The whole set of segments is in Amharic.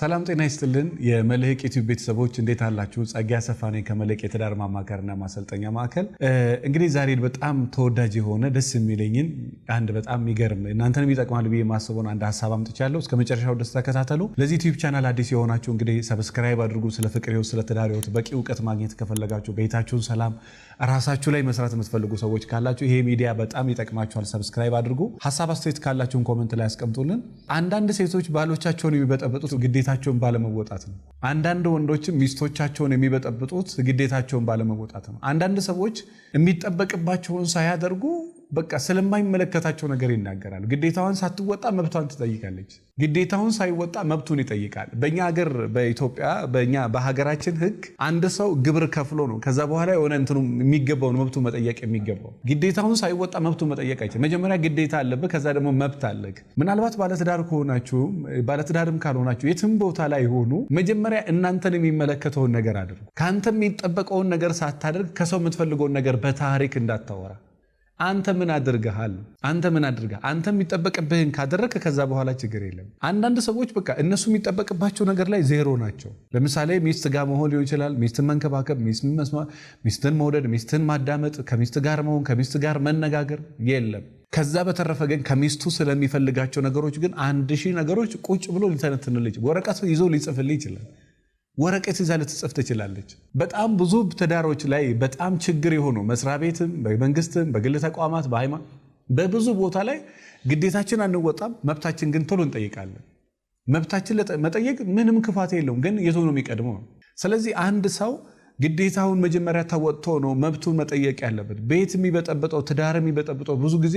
ሰላም ጤና ይስጥልን። የመልህቅ ዩቲዩብ ቤተሰቦች እንዴት አላችሁ? ጸጋ ሰፋ ነኝ ከመልሕቅ የትዳር ማማከርና ማሰልጠኛ ማዕከል። እንግዲህ ዛሬ በጣም ተወዳጅ የሆነ ደስ የሚለኝን አንድ በጣም የሚገርም እናንተን የሚጠቅማል ብዬ የማስበውን አንድ ሀሳብ አምጥቻለሁ። እስከ መጨረሻው ደስ ተከታተሉ። ለዚህ ዩቲዩብ ቻናል አዲስ የሆናችሁ እንግዲህ ሰብስክራይብ አድርጉ። ስለ ፍቅር ህይወት፣ ስለ ትዳር ህይወት በቂ እውቀት ማግኘት ከፈለጋችሁ፣ ቤታችሁን ሰላም ራሳችሁ ላይ መስራት የምትፈልጉ ሰዎች ካላችሁ ይሄ ሚዲያ በጣም ይጠቅማችኋል። ሰብስክራይብ አድርጉ። ሀሳብ አስተያየት ካላችሁን ኮመንት ላይ ያስቀምጡልን። አንዳንድ ሴቶች ባሎቻቸውን የሚበጠበጡት ግዴታ ግዴታቸውን ባለመወጣት ነው። አንዳንድ ወንዶችም ሚስቶቻቸውን የሚበጠብጡት ግዴታቸውን ባለመወጣት ነው። አንዳንድ ሰዎች የሚጠበቅባቸውን ሳያደርጉ በቃ ስለማይመለከታቸው ነገር ይናገራሉ። ግዴታዋን ሳትወጣ መብቷን ትጠይቃለች። ግዴታውን ሳይወጣ መብቱን ይጠይቃል። በእኛ ሀገር በኢትዮጵያ በእኛ በሀገራችን ሕግ አንድ ሰው ግብር ከፍሎ ነው ከዛ በኋላ የሆነ እንትኑ የሚገባውን መብቱ መጠየቅ የሚገባው። ግዴታውን ሳይወጣ መብቱ መጠየቅ አይችል። መጀመሪያ ግዴታ አለብህ፣ ከዛ ደግሞ መብት አለህ። ምናልባት ባለትዳር ከሆናችሁ ባለትዳርም ካልሆናችሁ የትም ቦታ ላይ ሆኑ፣ መጀመሪያ እናንተን የሚመለከተውን ነገር አድርጉ። ከአንተ የሚጠበቀውን ነገር ሳታደርግ ከሰው የምትፈልገውን ነገር በታሪክ እንዳታወራ አንተ ምን አድርገሃል? አንተ ምን አድርገሃል? አንተ የሚጠበቅብህን ካደረግክ ከዛ በኋላ ችግር የለም። አንዳንድ ሰዎች በቃ እነሱ የሚጠበቅባቸው ነገር ላይ ዜሮ ናቸው። ለምሳሌ ሚስት ጋር መሆን ሊሆን ይችላል፣ ሚስትን መንከባከብ፣ ሚስትን መውደድ፣ ሚስትን ማዳመጥ፣ ከሚስት ጋር መሆን፣ ከሚስት ጋር መነጋገር የለም። ከዛ በተረፈ ግን ከሚስቱ ስለሚፈልጋቸው ነገሮች ግን አንድ ሺህ ነገሮች ቁጭ ብሎ ሊተነትንልህ ወረቀት ይዞ ሊጽፍልህ ይችላል። ወረቀት ይዛ ልትጽፍ ትችላለች። በጣም ብዙ ትዳሮች ላይ በጣም ችግር የሆኑ መስሪያ ቤትም፣ በመንግስትም፣ በግል ተቋማት፣ በሃይማኖት በብዙ ቦታ ላይ ግዴታችን አንወጣም፣ መብታችን ግን ቶሎ እንጠይቃለን። መብታችን መጠየቅ ምንም ክፋት የለውም፣ ግን የቱ ነው የሚቀድመው? ስለዚህ አንድ ሰው ግዴታውን መጀመሪያ ተወጥቶ ነው መብቱን መጠየቅ ያለበት። ቤት የሚበጠብጠው ትዳር የሚበጠብጠው ብዙ ጊዜ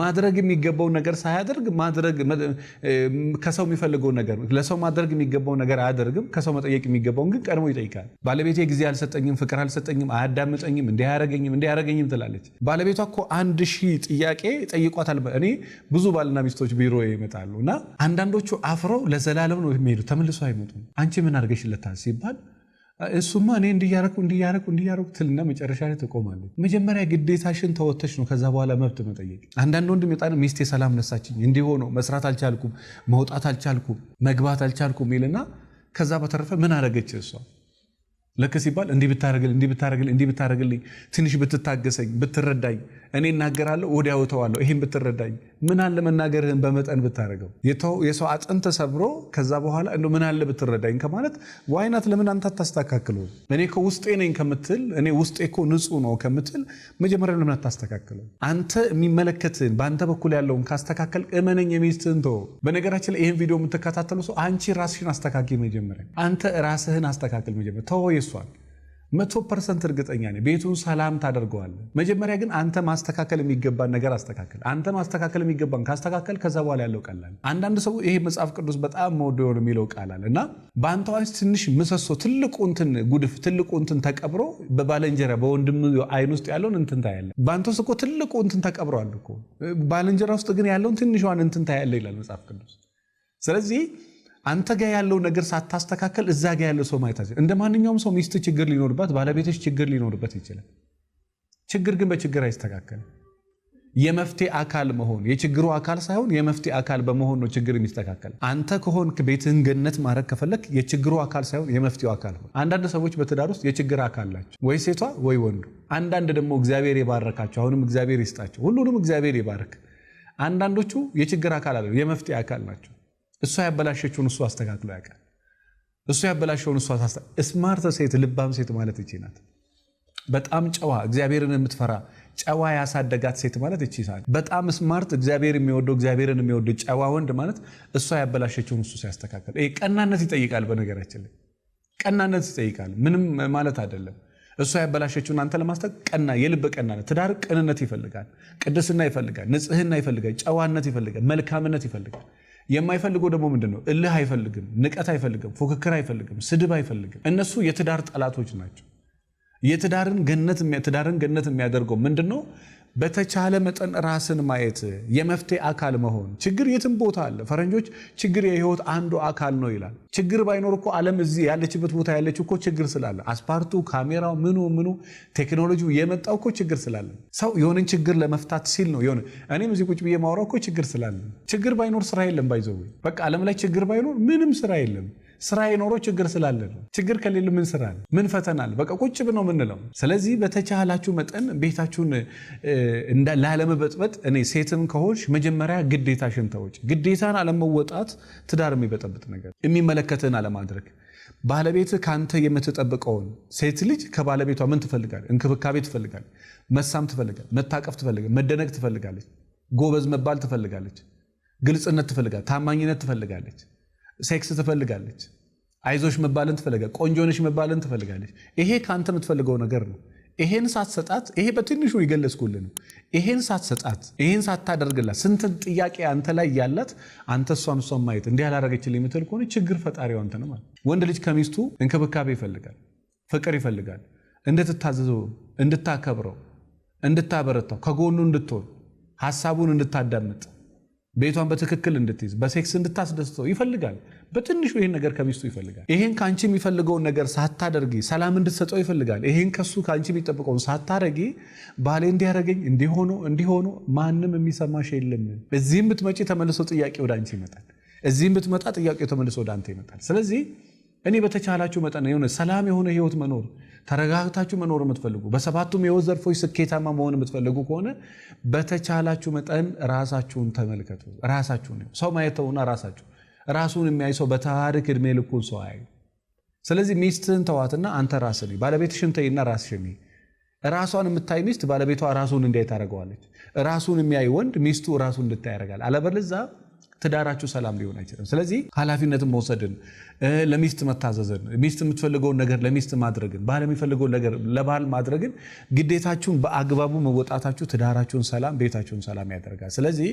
ማድረግ የሚገባውን ነገር ሳያደርግ ማድረግ ከሰው የሚፈልገውን ነገር ለሰው ማድረግ የሚገባውን ነገር አያደርግም። ከሰው መጠየቅ የሚገባውን ግን ቀድሞ ይጠይቃል። ባለቤቴ ጊዜ አልሰጠኝም፣ ፍቅር አልሰጠኝም፣ አያዳምጠኝም፣ እንዲያረገኝም እንዲያረገኝም ትላለች። ባለቤቷ እኮ አንድ ሺህ ጥያቄ ጠይቋታል። እኔ ብዙ ባልና ሚስቶች ቢሮ ይመጣሉ እና አንዳንዶቹ አፍረው ለዘላለም ነው የሚሄዱ፣ ተመልሶ አይመጡም። አንቺ ምን አድርገሽለታል ሲባል እሱማ እኔ እንዲያረኩ እንዲያረኩ እንዲያረኩ ትልና መጨረሻ ላይ ትቆማለች። መጀመሪያ ግዴታሽን ተወተሽ ነው ከዛ በኋላ መብት መጠየቅ። አንዳንድ ወንድም የጣን ሚስቴ ሰላም ነሳችኝ እንዲሆነው መስራት አልቻልኩም፣ መውጣት አልቻልኩም፣ መግባት አልቻልኩም ይልና ከዛ በተረፈ ምን አረገች እሷ ለክ ሲባል እንዲህ ብታረግል እንዲህ ብታረግል እንዲህ ብታረግልኝ፣ ትንሽ ብትታገሰኝ፣ ብትረዳኝ እኔ እናገራለሁ፣ ወዲያው እተዋለሁ። ይህን ብትረዳኝ ምን አለ መናገርህን በመጠን ብታደርገው፣ የሰው አጥንት ተሰብሮ ከዛ በኋላ እንደው ምን አለ ብትረዳኝ ከማለት ዋይናት ለምን አንተ አታስተካክለው? እኔ እኮ ውስጤ ነኝ ከምትል እኔ ውስጤ እኮ ንጹህ ነው ከምትል መጀመሪያ ለምን አታስተካክለው? አንተ የሚመለከትን በአንተ በኩል ያለውን ካስተካከል እመነኝ የሚስትህን ተወው። በነገራችን ላይ ይህን ቪዲዮ የምትከታተሉ ሰው አንቺ ራስሽን አስተካክል መጀመሪያ። አንተ ራስህን አስተካክል መጀመሪያ። ተወው የሷል መቶ ፐርሰንት እርግጠኛ ነኝ ቤቱን ሰላም ታደርገዋለ። መጀመሪያ ግን አንተ ማስተካከል የሚገባን ነገር አስተካከል። አንተ ማስተካከል የሚገባን ካስተካከል ከዛ በኋላ ያለው ቀላል። አንዳንድ ሰው ይሄ መጽሐፍ ቅዱስ በጣም መወደው የሚለው አለ እና በአንተ ትንሽ ምሰሶ ትልቁ እንትን ጉድፍ ትልቁ እንትን ተቀብሮ በባለንጀራ በወንድም አይን ውስጥ ያለውን እንትን ታያለ። በአንተ ውስጥ እኮ ትልቁ እንትን ተቀብሯል እኮ ባለንጀራ ውስጥ ግን ያለውን ትንሿን እንትን ታያለ ይላል መጽሐፍ ቅዱስ ስለዚህ አንተ ጋ ያለው ነገር ሳታስተካከል እዛ ጋ ያለው ሰው ማየት እንደ ማንኛውም ሰው ሚስት ችግር ሊኖርባት፣ ባለቤቶች ችግር ሊኖርበት ይችላል። ችግር ግን በችግር አይስተካከልም። የመፍትሄ አካል መሆን የችግሩ አካል ሳይሆን የመፍትሄ አካል በመሆን ነው ችግር የሚስተካከል። አንተ ከሆንክ ቤትህን ገነት ማድረግ ከፈለክ የችግሩ አካል ሳይሆን የመፍትሄው አካል ሆን። አንዳንድ ሰዎች በትዳር ውስጥ የችግር አካል ናቸው፣ ወይ ሴቷ ወይ ወንዱ። አንዳንድ ደግሞ እግዚአብሔር የባረካቸው አሁንም እግዚአብሔር ይስጣቸው፣ ሁሉንም እግዚአብሔር ይባርክ። አንዳንዶቹ የችግር አካል አለ የመፍትሄ አካል ናቸው። እሷ ያበላሸችውን እሱ አስተካክሎ ያውቃል። እሱ ያበላሸውን እሱ ስማርት ሴት ልባም ሴት ማለት እቺ ናት። በጣም ጨዋ እግዚአብሔርን የምትፈራ ጨዋ ያሳደጋት ሴት ማለት እቺ ናት። በጣም ስማርት እግዚአብሔር የሚወደው እግዚአብሔርን የሚወደው ጨዋ ወንድ ማለት እሷ ያበላሸችውን እሱ ሲያስተካከል፣ ቀናነት ይጠይቃል። በነገራችን ላይ ቀናነት ይጠይቃል። ምንም ማለት አይደለም። እሷ ያበላሸችውን አንተ ለማስጠቅ ቀና የልብ ቀናነት ትዳር ቅንነት ይፈልጋል፣ ቅድስና ይፈልጋል፣ ንጽህና ይፈልጋል፣ ጨዋነት ይፈልጋል፣ መልካምነት ይፈልጋል። የማይፈልገው ደግሞ ምንድን ነው? እልህ አይፈልግም፣ ንቀት አይፈልግም፣ ፉክክር አይፈልግም፣ ስድብ አይፈልግም። እነሱ የትዳር ጠላቶች ናቸው። የትዳርን ገነት የሚያደርገው ምንድን ነው? በተቻለ መጠን ራስን ማየት የመፍትሄ አካል መሆን። ችግር የትም ቦታ አለ። ፈረንጆች ችግር የህይወት አንዱ አካል ነው ይላል። ችግር ባይኖር እኮ ዓለም እዚህ ያለችበት ቦታ ያለች እኮ ችግር ስላለ፣ አስፓርቱ፣ ካሜራው፣ ምኑ ምኑ ቴክኖሎጂው የመጣው እኮ ችግር ስላለ፣ ሰው የሆነን ችግር ለመፍታት ሲል ነው የሆነ እኔም እዚህ ቁጭ ብዬ ማውራው እኮ ችግር ስላለ። ችግር ባይኖር ስራ የለም። ባይዘው በቃ ዓለም ላይ ችግር ባይኖር ምንም ስራ የለም። ስራ የኖረው ችግር ስላለ ነው። ችግር ከሌለ ምን ስራ አለ? ምን ፈተና አለ? በቃ ቁጭ ነው ምንለው። ስለዚህ በተቻላችሁ መጠን ቤታችሁን ላለመበጥበጥ እኔ ሴትም ከሆንሽ መጀመሪያ ግዴታሽን ተወጪ። ግዴታን አለመወጣት ትዳር የሚበጠብጥ ነገር፣ የሚመለከትህን አለማድረግ ባለቤት ከአንተ የምትጠብቀውን ሴት ልጅ ከባለቤቷ ምን ትፈልጋል? እንክብካቤ ትፈልጋል፣ መሳም ትፈልጋል፣ መታቀፍ ትፈልጋል፣ መደነቅ ትፈልጋለች፣ ጎበዝ መባል ትፈልጋለች፣ ግልጽነት ትፈልጋለች። ታማኝነት ትፈልጋለች። ሴክስ ትፈልጋለች። አይዞሽ መባልን ትፈልጋለች። ቆንጆነሽ መባልን ትፈልጋለች። ይሄ ከአንተ የምትፈልገው ነገር ነው። ይሄን ሳትሰጣት ይሄ በትንሹ የገለጽኩልህ ነው። ይሄን ሳትሰጣት ይሄን ሳታደርግላት ስንትን ጥያቄ አንተ ላይ ያላት አንተ እሷን እሷን ማየት እንዲህ ያላረገችልህ የምትል ከሆነ ችግር ፈጣሪ አንተ ነው ማለት። ወንድ ልጅ ከሚስቱ እንክብካቤ ይፈልጋል፣ ፍቅር ይፈልጋል፣ እንድትታዘዘው፣ እንድታከብረው፣ እንድታበረታው፣ ከጎኑ እንድትሆን፣ ሀሳቡን እንድታዳምጥ ቤቷን በትክክል እንድትይዝ በሴክስ እንድታስደስተው ይፈልጋል። በትንሹ ይህን ነገር ከሚስቱ ይፈልጋል። ይህን ከአንቺ የሚፈልገውን ነገር ሳታደርጊ ሰላም እንድትሰጠው ይፈልጋል። ይህን ከሱ ከአንቺ የሚጠብቀውን ሳታረጊ ባሌ እንዲያደረገኝ እንዲሆኑ እንዲሆኑ ማንም የሚሰማሽ የለም። እዚህም ብትመጪ ተመልሶ ጥያቄ ወደ አንቺ ይመጣል። እዚህም ብትመጣ ጥያቄ ተመልሶ ወደ አንተ ይመጣል። ስለዚህ እኔ በተቻላችሁ መጠን የሆነ ሰላም የሆነ ህይወት መኖር ተረጋግታችሁ መኖር የምትፈልጉ በሰባቱም የህይወት ዘርፎች ስኬታማ መሆን የምትፈልጉ ከሆነ በተቻላችሁ መጠን ራሳችሁን ተመልከቱ። ራሳችሁን ሰው ማየት ተውና ራሳችሁ ራሱን የሚያይ ሰው በታሪክ እድሜ ልኩን ሰው አያዩ። ስለዚህ ሚስትህን ተዋትና አንተ ራስህ ባለቤት ባለቤትሽን ተይና ራስሽ ራሷን የምታይ ሚስት ባለቤቷ ራሱን እንዲያይ ታደርገዋለች። ራሱን የሚያይ ወንድ ሚስቱ ራሱን እንድታይ ያደርጋል። አለበለዚያ ትዳራችሁ ሰላም ሊሆን አይችልም። ስለዚህ ኃላፊነትን መውሰድን፣ ለሚስት መታዘዝን፣ ሚስት የምትፈልገውን ነገር ለሚስት ማድረግን፣ ባል የሚፈልገውን ነገር ለባል ማድረግን፣ ግዴታችሁን በአግባቡ መወጣታችሁ ትዳራችሁን ሰላም፣ ቤታችሁን ሰላም ያደርጋል። ስለዚህ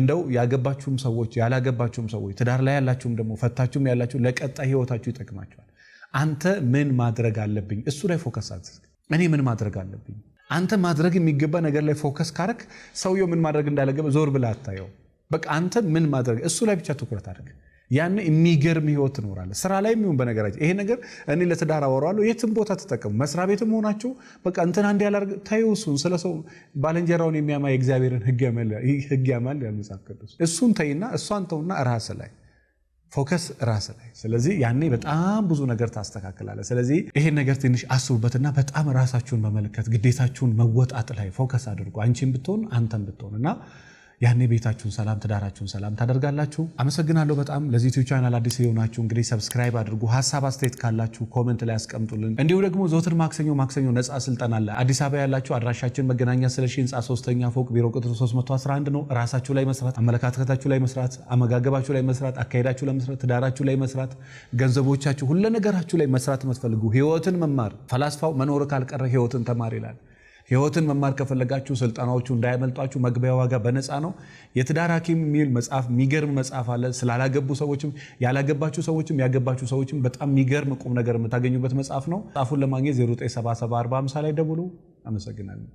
እንደው ያገባችሁም ሰዎች ያላገባችሁም ሰዎች ትዳር ላይ ያላችሁም ደግሞ ፈታችሁም ያላችሁ ለቀጣይ ህይወታችሁ ይጠቅማቸዋል። አንተ ምን ማድረግ አለብኝ? እሱ ላይ ፎከስ አድርግ። እኔ ምን ማድረግ አለብኝ? አንተ ማድረግ የሚገባ ነገር ላይ ፎከስ ካረክ ሰውየው ምን ማድረግ እንዳለገበ ዞር ብላ አታየው። በቃ አንተ ምን ማድረግ እሱ ላይ ብቻ ትኩረት አድርግ። ያን የሚገርም ህይወት ትኖራለህ። ስራ ላይ የሚሆን በነገራችን ይሄ ነገር እኔ ለትዳር አወራዋለሁ። የትም ቦታ ተጠቀሙ። መስሪያ ቤትም ሆናችሁ በቃ እንትን አንድ ያላርግ ታዩ። እሱን ስለ ሰው ባለንጀራውን የሚያማ የእግዚአብሔርን ህግ ያማል ያል መጽሐፍ ቅዱስ። እሱን ተይና እሷን ተውና ራስ ላይ ፎከስ ራስ ላይ። ስለዚህ ያኔ በጣም ብዙ ነገር ታስተካክላለህ። ስለዚህ ይሄን ነገር ትንሽ አስቡበትና በጣም ራሳችሁን በመለከት ግዴታችሁን መወጣት ላይ ፎከስ አድርጉ። አንቺን ብትሆን አንተን ብትሆን እና ያኔ ቤታችሁን ሰላም ትዳራችሁን ሰላም ታደርጋላችሁ። አመሰግናለሁ በጣም ለዚህ ዩቲዩብ ቻናል አዲስ የሆናችሁ እንግዲህ ሰብስክራይብ አድርጉ። ሀሳብ አስተያየት ካላችሁ ኮመንት ላይ ያስቀምጡልን። እንዲሁ ደግሞ ዘወትር ማክሰኞ ማክሰኞ ነፃ ስልጠና አለ። አዲስ አበባ ያላችሁ አድራሻችን መገናኛ ስለሺ ህንፃ ሶስተኛ ፎቅ ቢሮ ቁጥር 311 ነው። ራሳችሁ ላይ መስራት፣ አመለካከታችሁ ላይ መስራት፣ አመጋገባችሁ ላይ መስራት፣ አካሄዳችሁ ላይ መስራት፣ ትዳራችሁ ላይ መስራት፣ ገንዘቦቻችሁ፣ ሁለ ነገራችሁ ላይ መስራት የምትፈልጉ ህይወትን መማር ፈላስፋው መኖር ካልቀረ ህይወትን ተማር ይላል። ህይወትን መማር ከፈለጋችሁ ስልጠናዎቹ እንዳያመልጧችሁ። መግቢያ ዋጋ በነፃ ነው። የትዳር ሀኪም የሚል መጽሐፍ የሚገርም መጽሐፍ አለ። ስላላገቡ ሰዎችም ያላገባችሁ ሰዎችም ያገባችሁ ሰዎችም በጣም የሚገርም ቁም ነገር የምታገኙበት መጽሐፍ ነው። መጽሐፉን ለማግኘት 0974 ላይ ደውሉ። አመሰግናለሁ።